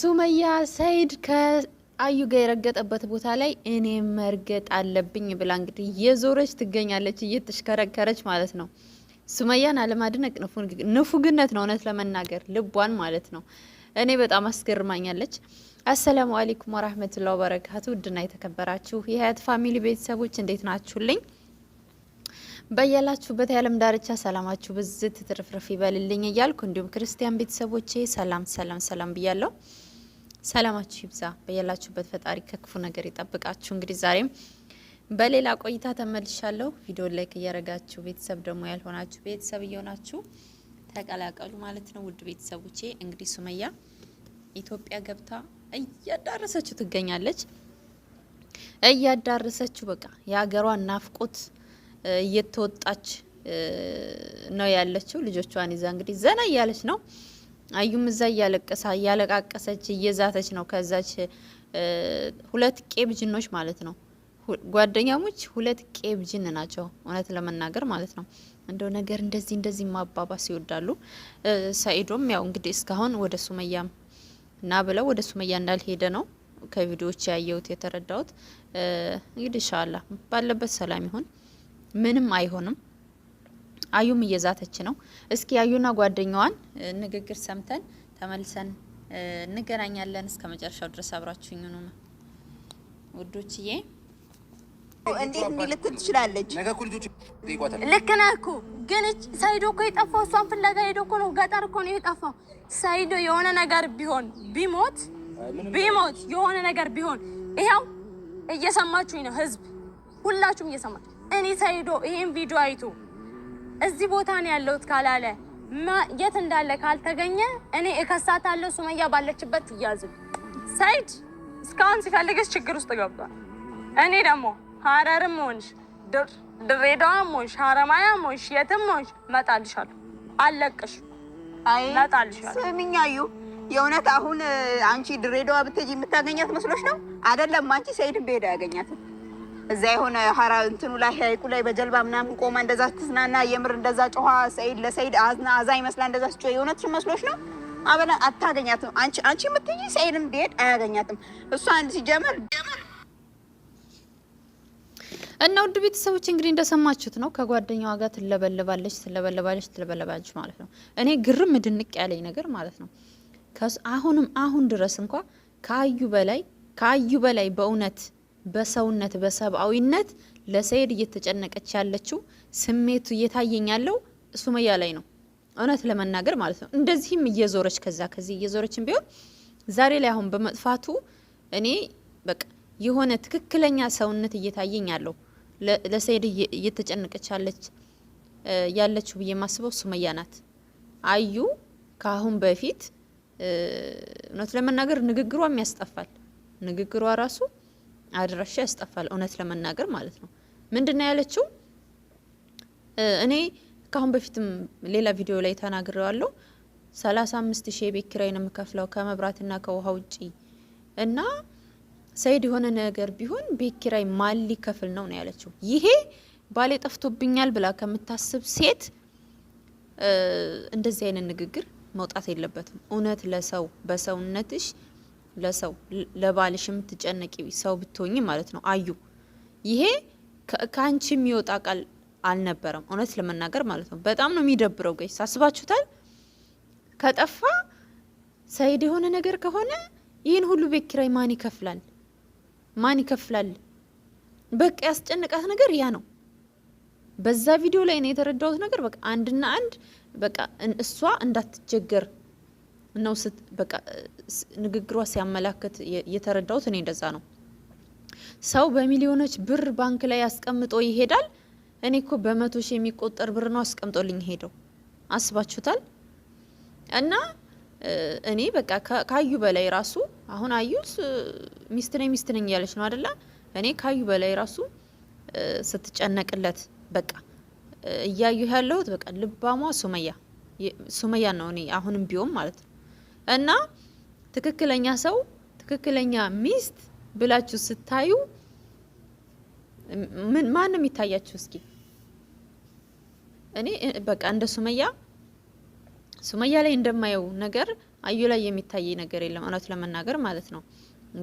ሱመያ ሰይድ ከአዩ ጋ የረገጠበት ቦታ ላይ እኔም መርገጥ አለብኝ ብላ እንግዲህ እየዞረች ትገኛለች፣ እየተሽከረከረች ማለት ነው። ሱመያን አለማድነቅ ንፉግነት ነው፣ እውነት ለመናገር ልቧን ማለት ነው። እኔ በጣም አስገርማኛለች። አሰላሙ አሌይኩም ወራህመቱላ ወበረካቱ። ውድና የተከበራችሁ የሀያት ፋሚሊ ቤተሰቦች እንዴት ናችሁልኝ? በያላችሁበት የዓለም ዳርቻ ሰላማችሁ ብዝት ትርፍርፍ ይበልልኝ እያልኩ እንዲሁም ክርስቲያን ቤተሰቦቼ ሰላም ሰላም ሰላም ብያለሁ። ሰላማችሁ ይብዛ በያላችሁበት፣ ፈጣሪ ከክፉ ነገር ይጠብቃችሁ። እንግዲህ ዛሬም በሌላ ቆይታ ተመልሻለሁ። ቪዲዮ ላይክ እያረጋችሁ ቤተሰብ ደግሞ ያልሆናችሁ ቤተሰብ እየሆናችሁ ተቀላቀሉ ማለት ነው። ውድ ቤተሰቦቼ እንግዲህ ሱመያ ኢትዮጵያ ገብታ እያዳረሰችው ትገኛለች። እያዳረሰችው በቃ የሀገሯ ናፍቆት እየተወጣች ነው ያለችው። ልጆቿን ይዛ እንግዲህ ዘና እያለች ነው። አዩም እዛ እያለቀሳ እያለቃቀሰች እየዛተች ነው። ከዛች ሁለት ቄብ ጅኖች ማለት ነው ጓደኛሞች ሁለት ቄብ ጅን ናቸው፣ እውነት ለመናገር ማለት ነው። እንደው ነገር እንደዚህ እንደዚህ ማባባስ ይወዳሉ። ሳኢዶም ያው እንግዲህ እስካሁን ወደ ሱመያም ና ብለው ወደ ሱመያ እንዳልሄደ ነው ከቪዲዮዎች ያየሁት የተረዳሁት። እንግዲህ ኢንሻአላህ ባለበት ሰላም ይሁን። ምንም አይሆንም። አዩም እየዛተች ነው። እስኪ አዩና ጓደኛዋን ንግግር ሰምተን ተመልሰን እንገናኛለን። እስከ መጨረሻው ድረስ አብራችሁኝ ነው ውዶችዬ። እንዴት እንዲልኩት ትችላለች። ልክ ነህ እኮ ግን ሳይዶ እኮ የጠፋው እሷን ፍለጋ ሄዶ እኮ ነው። ገጠር እኮ ነው የጠፋው ሳይዶ። የሆነ ነገር ቢሆን ቢሞት ቢሞት የሆነ ነገር ቢሆን ይኸው እየሰማችሁኝ ነው ህዝብ፣ ሁላችሁም እየሰማችሁ እኔ ሰይዶ ይሄን ቪዲዮ አይቶ እዚህ ቦታ ነው ያለሁት ካላለ የት እንዳለ ካልተገኘ እኔ እከሳታለሁ። ሱመያ ባለችበት ትያዝ። ሰይድ እስካሁን ሲፈልግሽ ችግር ውስጥ ገብቷል። እኔ ደግሞ ሀረርም ሆንሽ ድሬዳዋም ሆንሽ ሀረማያም ሆንሽ የትም ሆንሽ መጣልሻለሁ። አለቅሽ መጣልሻለሁ። ስሚኛዩ የእውነት አሁን አንቺ ድሬዳዋ ብትሄጂ የምታገኛት መስሎሽ ነው? አይደለም አንቺ ሰይድን ብሄዳ ያገኛትም እዛ የሆነ ሀራ እንትኑ ላይ ሀይቁ ላይ በጀልባ ምናምን ቆማ እንደዛ ትዝናና የምር እንደዛ ጮኋ ሰይድ ለሰይድ አዝና አዛ ይመስላ እንደዛ ስጮ የእውነትሽን መስሎሽ ነው። አበለ አታገኛትም። አንቺ አንቺ የምትይ ሰይድም ቢሄድ አያገኛትም። እሷ አንድ ሲጀመር እና ውድ ቤተሰቦች እንግዲህ እንደሰማችሁት ነው። ከጓደኛዋ ጋር ትለበለባለች ትለበለባለች ትለበለባለች ማለት ነው። እኔ ግርም ድንቅ ያለኝ ነገር ማለት ነው አሁንም አሁን ድረስ እንኳ ከአዩ በላይ ከአዩ በላይ በእውነት በሰውነት በሰብአዊነት ለሰይድ እየተጨነቀች ያለችው ስሜቱ እየታየኝ ያለው ሱመያ ላይ ነው፣ እውነት ለመናገር ማለት ነው። እንደዚህም እየዞረች ከዛ ከዚህ እየዞረችም ቢሆን ዛሬ ላይ አሁን በመጥፋቱ እኔ በቃ የሆነ ትክክለኛ ሰውነት እየታየኝ ያለው ለሰይድ እየተጨነቀች ያለች ያለችው ብዬ የማስበው ሱመያ ናት። አዩ ከአሁን በፊት እውነት ለመናገር ንግግሯም ያስጠፋል። ንግግሯ ራሱ አድራሻ ያስጠፋል። እውነት ለመናገር ማለት ነው። ምንድን ነው ያለችው? እኔ ከአሁን በፊትም ሌላ ቪዲዮ ላይ ተናግሬዋለሁ። ሰላሳ አምስት ሺህ የቤት ኪራይ ነው የምከፍለው ከመብራትና ከውሃ ውጪ እና ሰይድ የሆነ ነገር ቢሆን ቤት ኪራይ ማን ሊከፍል ነው ነው ያለችው። ይሄ ባሌ ጠፍቶብኛል ብላ ከምታስብ ሴት እንደዚህ አይነት ንግግር መውጣት የለበትም። እውነት ለሰው በሰውነትሽ ለሰው ለባልሽ የምትጨነቂ ሰው ብትሆኝ ማለት ነው። አዩ ይሄ ከአንቺ የሚወጣ ቃል አልነበረም፣ እውነት ለመናገር ማለት ነው። በጣም ነው የሚደብረው። ገይ ሳስባችሁታል። ከጠፋ ሰይድ የሆነ ነገር ከሆነ ይህን ሁሉ ቤት ኪራይ ማን ይከፍላል? ማን ይከፍላል? በቃ ያስጨነቃት ነገር ያ ነው። በዛ ቪዲዮ ላይ ነው የተረዳሁት ነገር በቃ አንድና አንድ በቃ እሷ እንዳትቸገር ነው በቃ ንግግሯ ሲያመላክት የተረዳውት እኔ እንደዛ ነው። ሰው በሚሊዮኖች ብር ባንክ ላይ አስቀምጦ ይሄዳል። እኔ እኮ በመቶ ሺህ የሚቆጠር ብር ነው አስቀምጦልኝ ሄደው። አስባችሁታል? እና እኔ በቃ ካዩ በላይ ራሱ አሁን አዩት ሚስት ነኝ ሚስት ነኝ እያለች ነው አደላ። እኔ ካዩ በላይ ራሱ ስትጨነቅለት በቃ እያዩ ያለሁት በቃ ልባሟ ሱመያ ሱመያ ነው። እኔ አሁንም ቢሆን ማለት ነው እና ትክክለኛ ሰው ትክክለኛ ሚስት ብላችሁ ስታዩ ምን ማንም ይታያችሁ? እስኪ እኔ በቃ እንደ ሱመያ ሱመያ ላይ እንደማየው ነገር አዩ ላይ የሚታይ ነገር የለም፣ እውነት ለመናገር ማለት ነው።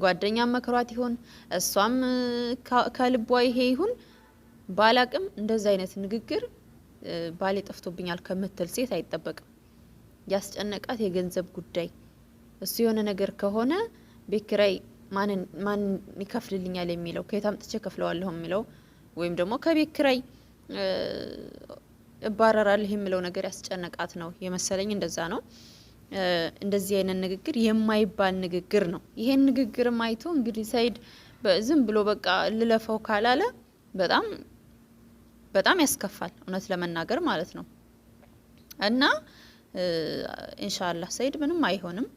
ጓደኛ መከሯት ይሆን እሷም ከልቧ ይሄ ይሁን ባላቅም፣ እንደዚህ አይነት ንግግር ባሌ ጠፍቶብኛል ከምትል ሴት አይጠበቅም። ያስጨነቃት የገንዘብ ጉዳይ። እሱ የሆነ ነገር ከሆነ ቤት ኪራይ ማን ይከፍልልኛል የሚለው ከየት አምጥቼ ከፍለዋለሁ የሚለው ወይም ደግሞ ከቤት ኪራይ እባረራለሁ የሚለው ነገር ያስጨነቃት ነው የመሰለኝ። እንደዛ ነው። እንደዚህ አይነት ንግግር የማይባል ንግግር ነው። ይሄን ንግግር አይቶ እንግዲህ ሰኢድ ዝም ብሎ በቃ ልለፈው ካላለ በጣም በጣም ያስከፋል፣ እውነት ለመናገር ማለት ነው እና እንሻላ ሰይድ ምንም አይሆንም።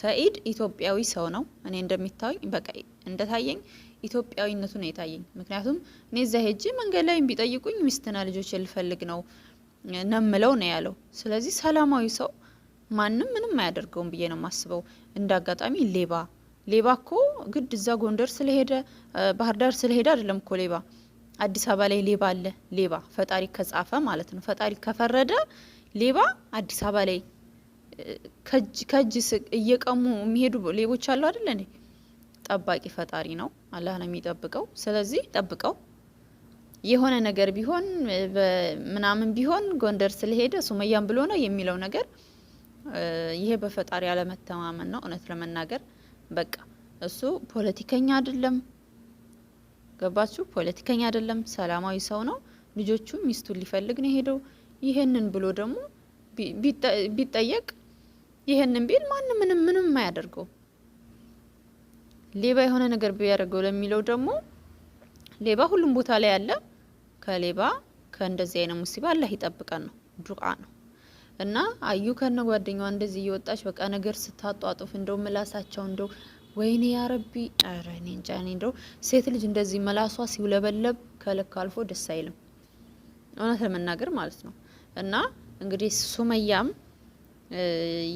ሰይድ ኢትዮጵያዊ ሰው ነው። እኔ እንደሚታወኝ በቃ እንደታየኝ ኢትዮጵያዊነቱ ነው የታየኝ። ምክንያቱም እኔ እዛ ሄጄ መንገድ ላይ ቢጠይቁኝ ሚስትና ልጆች ልፈልግ ነው ነምለው ነው ያለው። ስለዚህ ሰላማዊ ሰው ማንም ምንም አያደርገውም ብዬ ነው የማስበው። እንደ አጋጣሚ ሌባ ሌባ እኮ ግድ እዛ ጎንደር ስለሄደ ባህር ዳር ስለሄደ አይደለም እኮ ሌባ አዲስ አበባ ላይ ሌባ አለ። ሌባ ፈጣሪ ከጻፈ ማለት ነው፣ ፈጣሪ ከፈረደ ሌባ አዲስ አበባ ላይ ከእጅ እየቀሙ የሚሄዱ ሌቦች አሉ አይደለ እንዴ? ጠባቂ ፈጣሪ ነው፣ አላህ ነው የሚጠብቀው። ስለዚህ ጠብቀው። የሆነ ነገር ቢሆን ምናምን ቢሆን ጎንደር ስለሄደ ሱመያን ብሎ ነው የሚለው ነገር ይሄ በፈጣሪ አለመተማመን ነው። እውነት ለመናገር በቃ እሱ ፖለቲከኛ አይደለም፣ ገባችሁ? ፖለቲከኛ አይደለም፣ ሰላማዊ ሰው ነው። ልጆቹ ሚስቱን ሊፈልግ ነው የሄደው። ይህንን ብሎ ደግሞ ቢጠየቅ ይህንን ቢል ማንም ምንም ምንም አያደርገው። ሌባ የሆነ ነገር ቢያደርገው ለሚለው ደግሞ ሌባ ሁሉም ቦታ ላይ ያለ ከሌባ ከእንደዚህ አይነት ሙሲባ አላህ ይጠብቀን ነው ዱዓ ነው። እና አዩ ከነ ጓደኛዋ እንደዚህ እየወጣች በቃ ነገር ስታጧጡፍ እንደው ምላሳቸው እንደው ወይኔ ያረቢ ኧረ እኔ እንጃ እኔ እንደው ሴት ልጅ እንደዚህ መላሷ ሲውለበለብ ከልክ አልፎ ደስ አይልም፣ እውነት ለመናገር ማለት ነው። እና እንግዲህ ሱመያም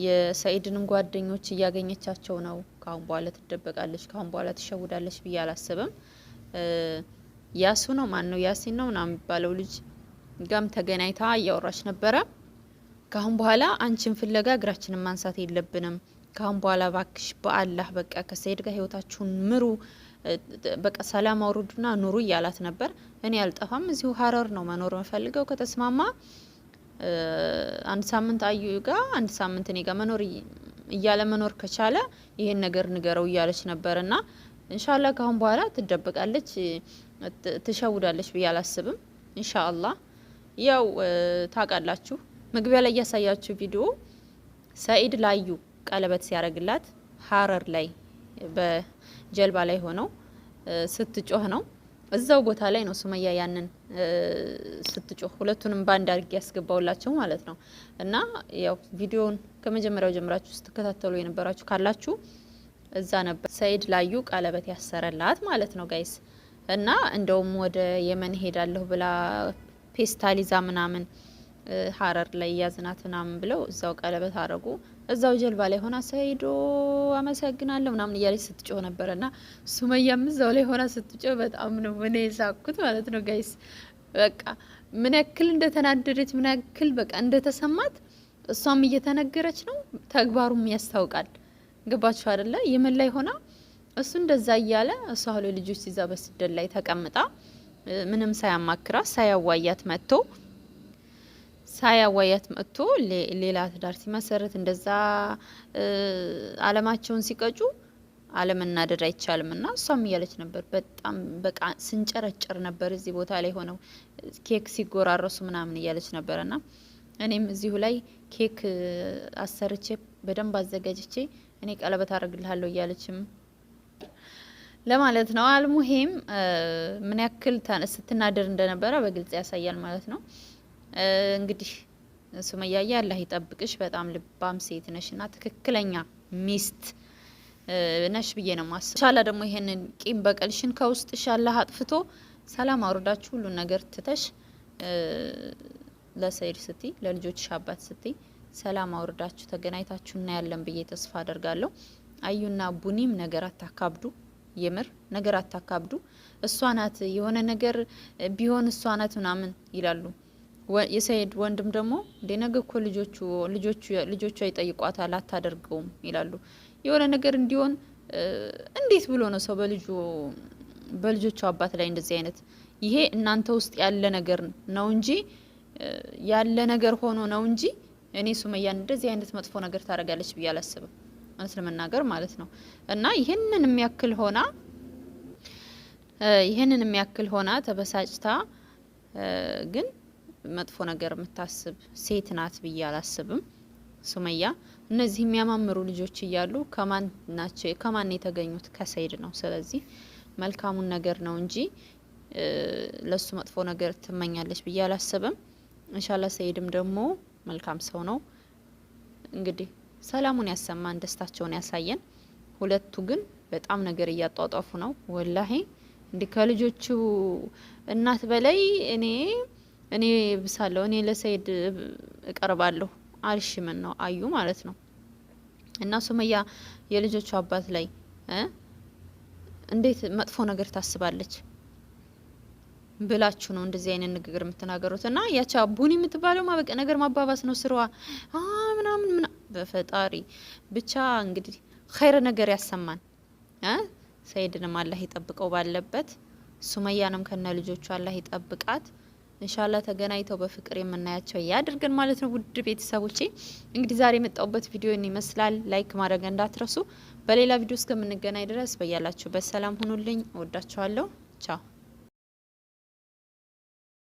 የሰኢድንም ጓደኞች እያገኘቻቸው ነው። ካሁን በኋላ ትደበቃለች፣ ካሁን በኋላ ትሸውዳለች ብዬ አላስብም። ያሱ ነው ማን ነው ያሲን ነው ምናምን የሚባለው ልጅ ጋም ተገናኝታ እያወራች ነበረ። ካሁን በኋላ አንቺን ፍለጋ እግራችንን ማንሳት የለብንም። ካሁን በኋላ ባክሽ በአላህ በቃ ከሰኢድ ጋር ህይወታችሁን ምሩ፣ በቃ ሰላም አውርዱና ኑሩ እያላት ነበር። እኔ አልጠፋም፣ እዚሁ ሀረር ነው መኖር መፈልገው ከተስማማ አንድ ሳምንት አዩ ጋ አንድ ሳምንት እኔ ጋ መኖር እያለ መኖር ከቻለ ይሄን ነገር ንገረው እያለች ነበር። እና እንሻላ ካሁን በኋላ ትደበቃለች፣ ትሸውዳለች ብዬ አላስብም። እንሻአላ ያው ታውቃላችሁ፣ መግቢያ ላይ እያሳያችሁ ቪዲዮ ሰኢድ ላዩ ቀለበት ሲያደርግላት ሀረር ላይ በጀልባ ላይ ሆነው ስትጮህ ነው። እዛው ቦታ ላይ ነው ሱመያ ያንን ስትጮህ ሁለቱንም በአንድ አድርጌ ያስገባውላቸው ማለት ነው። እና ያው ቪዲዮውን ከመጀመሪያው ጀምራችሁ ስትከታተሉ የነበራችሁ ካላችሁ እዛ ነበር ሰይድ ላዩ ቀለበት ያሰረላት ማለት ነው ጋይስ። እና እንደውም ወደ የመን ሄዳለሁ ብላ ፔስታሊዛ ምናምን ሀረር ላይ ያዝናት ምናምን ብለው እዛው ቀለበት አረጉ። እዛው ጀልባ ላይ ሆና ሰይዶ አመሰግናለሁ ምናምን እያለች ስትጮህ ነበረ እና ሱመያም እዛው ላይ ሆና ስትጮህ በጣም ነው ምን ሳኩት ማለት ነው ጋይስ። በቃ ምን ያክል እንደተናደደች ምን ያክል በቃ እንደተሰማት እሷም እየተነገረች ነው። ተግባሩም ያስታውቃል። ገባችሁ አደለ? የምን ላይ ሆና እሱ እንደዛ እያለ እሷ ሁሌ ልጆች ይዛ በስደት ላይ ተቀምጣ ምንም ሳያማክራት ሳያዋያት መጥቶ ሳያዋያት መጥቶ ሌላ ትዳር ሲመሰረት እንደዛ አለማቸውን ሲቀጩ አለመናደድ አይቻልም። እና እሷም እያለች ነበር። በጣም በቃ ስንጨረጨር ነበር እዚህ ቦታ ላይ ሆነው ኬክ ሲጎራረሱ ምናምን እያለች ነበር። እና እኔም እዚሁ ላይ ኬክ አሰርቼ በደንብ አዘጋጅቼ እኔ ቀለበት አደርግልሃለሁ እያለችም ለማለት ነው። አልሙሄም ምን ያክል ስትናደር እንደነበረ በግልጽ ያሳያል ማለት ነው። እንግዲህ ሱመያዬ አላህ ይጠብቅሽ። በጣም ልባም ሴት ነሽና ትክክለኛ ሚስት ነሽ ብዬ ነው ማስብ። ሻላ ደግሞ ይሄንን ቂም በቀልሽን ከውስጥሽ አላህ አጥፍቶ ሰላም አውርዳችሁ ሁሉን ነገር ትተሽ ለሰይድ ስቲ ለልጆችሽ አባት ስቲ ሰላም አውርዳችሁ ተገናኝታችሁ እናያለን ብዬ ተስፋ አደርጋለሁ። አዩና ቡኒም ነገር አታካብዱ፣ የምር ነገር አታካብዱ። እሷ ናት የሆነ ነገር ቢሆን እሷ ናት ምናምን ይላሉ። የሰይድ ወንድም ደግሞ እንደነገ እኮ ልጆቹ ልጆቹ ልጆቿ ይጠይቋታል አታደርገውም ይላሉ። የሆነ ነገር እንዲሆን እንዴት ብሎ ነው ሰው በልጁ በልጆቹ አባት ላይ እንደዚህ አይነት ይሄ እናንተ ውስጥ ያለ ነገር ነው እንጂ ያለ ነገር ሆኖ ነው እንጂ እኔ ሱመያን እንደዚህ አይነት መጥፎ ነገር ታደርጋለች ብዬ አላስብም፣ እውነት ለመናገር ማለት ነው። እና ይህንን የሚያክል ሆና ይህንን የሚያክል ሆና ተበሳጭታ ግን መጥፎ ነገር የምታስብ ሴት ናት ብዬ አላስብም። ሱመያ እነዚህ የሚያማምሩ ልጆች እያሉ ከማን ናቸው? ከማን የተገኙት? ከሰይድ ነው። ስለዚህ መልካሙን ነገር ነው እንጂ ለሱ መጥፎ ነገር ትመኛለች ብዬ አላስብም። እንሻላ ሰይድም ደግሞ መልካም ሰው ነው። እንግዲህ ሰላሙን ያሰማን፣ ደስታቸውን ያሳየን። ሁለቱ ግን በጣም ነገር እያጧጧፉ ነው። ወላሄ እንዲህ ከልጆቹ እናት በላይ እኔ እኔ ብሳለሁ፣ እኔ ለሰይድ እቀርባለሁ አልሽምን ነው አዩ ማለት ነው። እና ሱመያ የልጆቹ አባት ላይ እንዴት መጥፎ ነገር ታስባለች ብላችሁ ነው እንደዚህ አይነት ንግግር የምትናገሩት? እና ያቻ ቡኒ የምትባለው ማበቀ ነገር ማባባስ ነው ስርዋ ምናምን ምና በፈጣሪ ብቻ እንግዲህ ኸይረ ነገር ያሰማን። ሰይድንም አላህ ይጠብቀው ባለበት፣ ሱመያንም ከነ ልጆቹ አላህ ይጠብቃት። እንሻላ ተገናኝተው በፍቅር የምናያቸው ያድርገን ማለት ነው። ውድ ቤተሰቦቼ እንግዲህ ዛሬ የመጣውበት ቪዲዮን ይመስላል። ላይክ ማድረግ እንዳትረሱ። በሌላ ቪዲዮ እስከምንገናኝ ድረስ በያላችሁበት ሰላም ሁኑልኝ። እወዳችኋለሁ። ቻው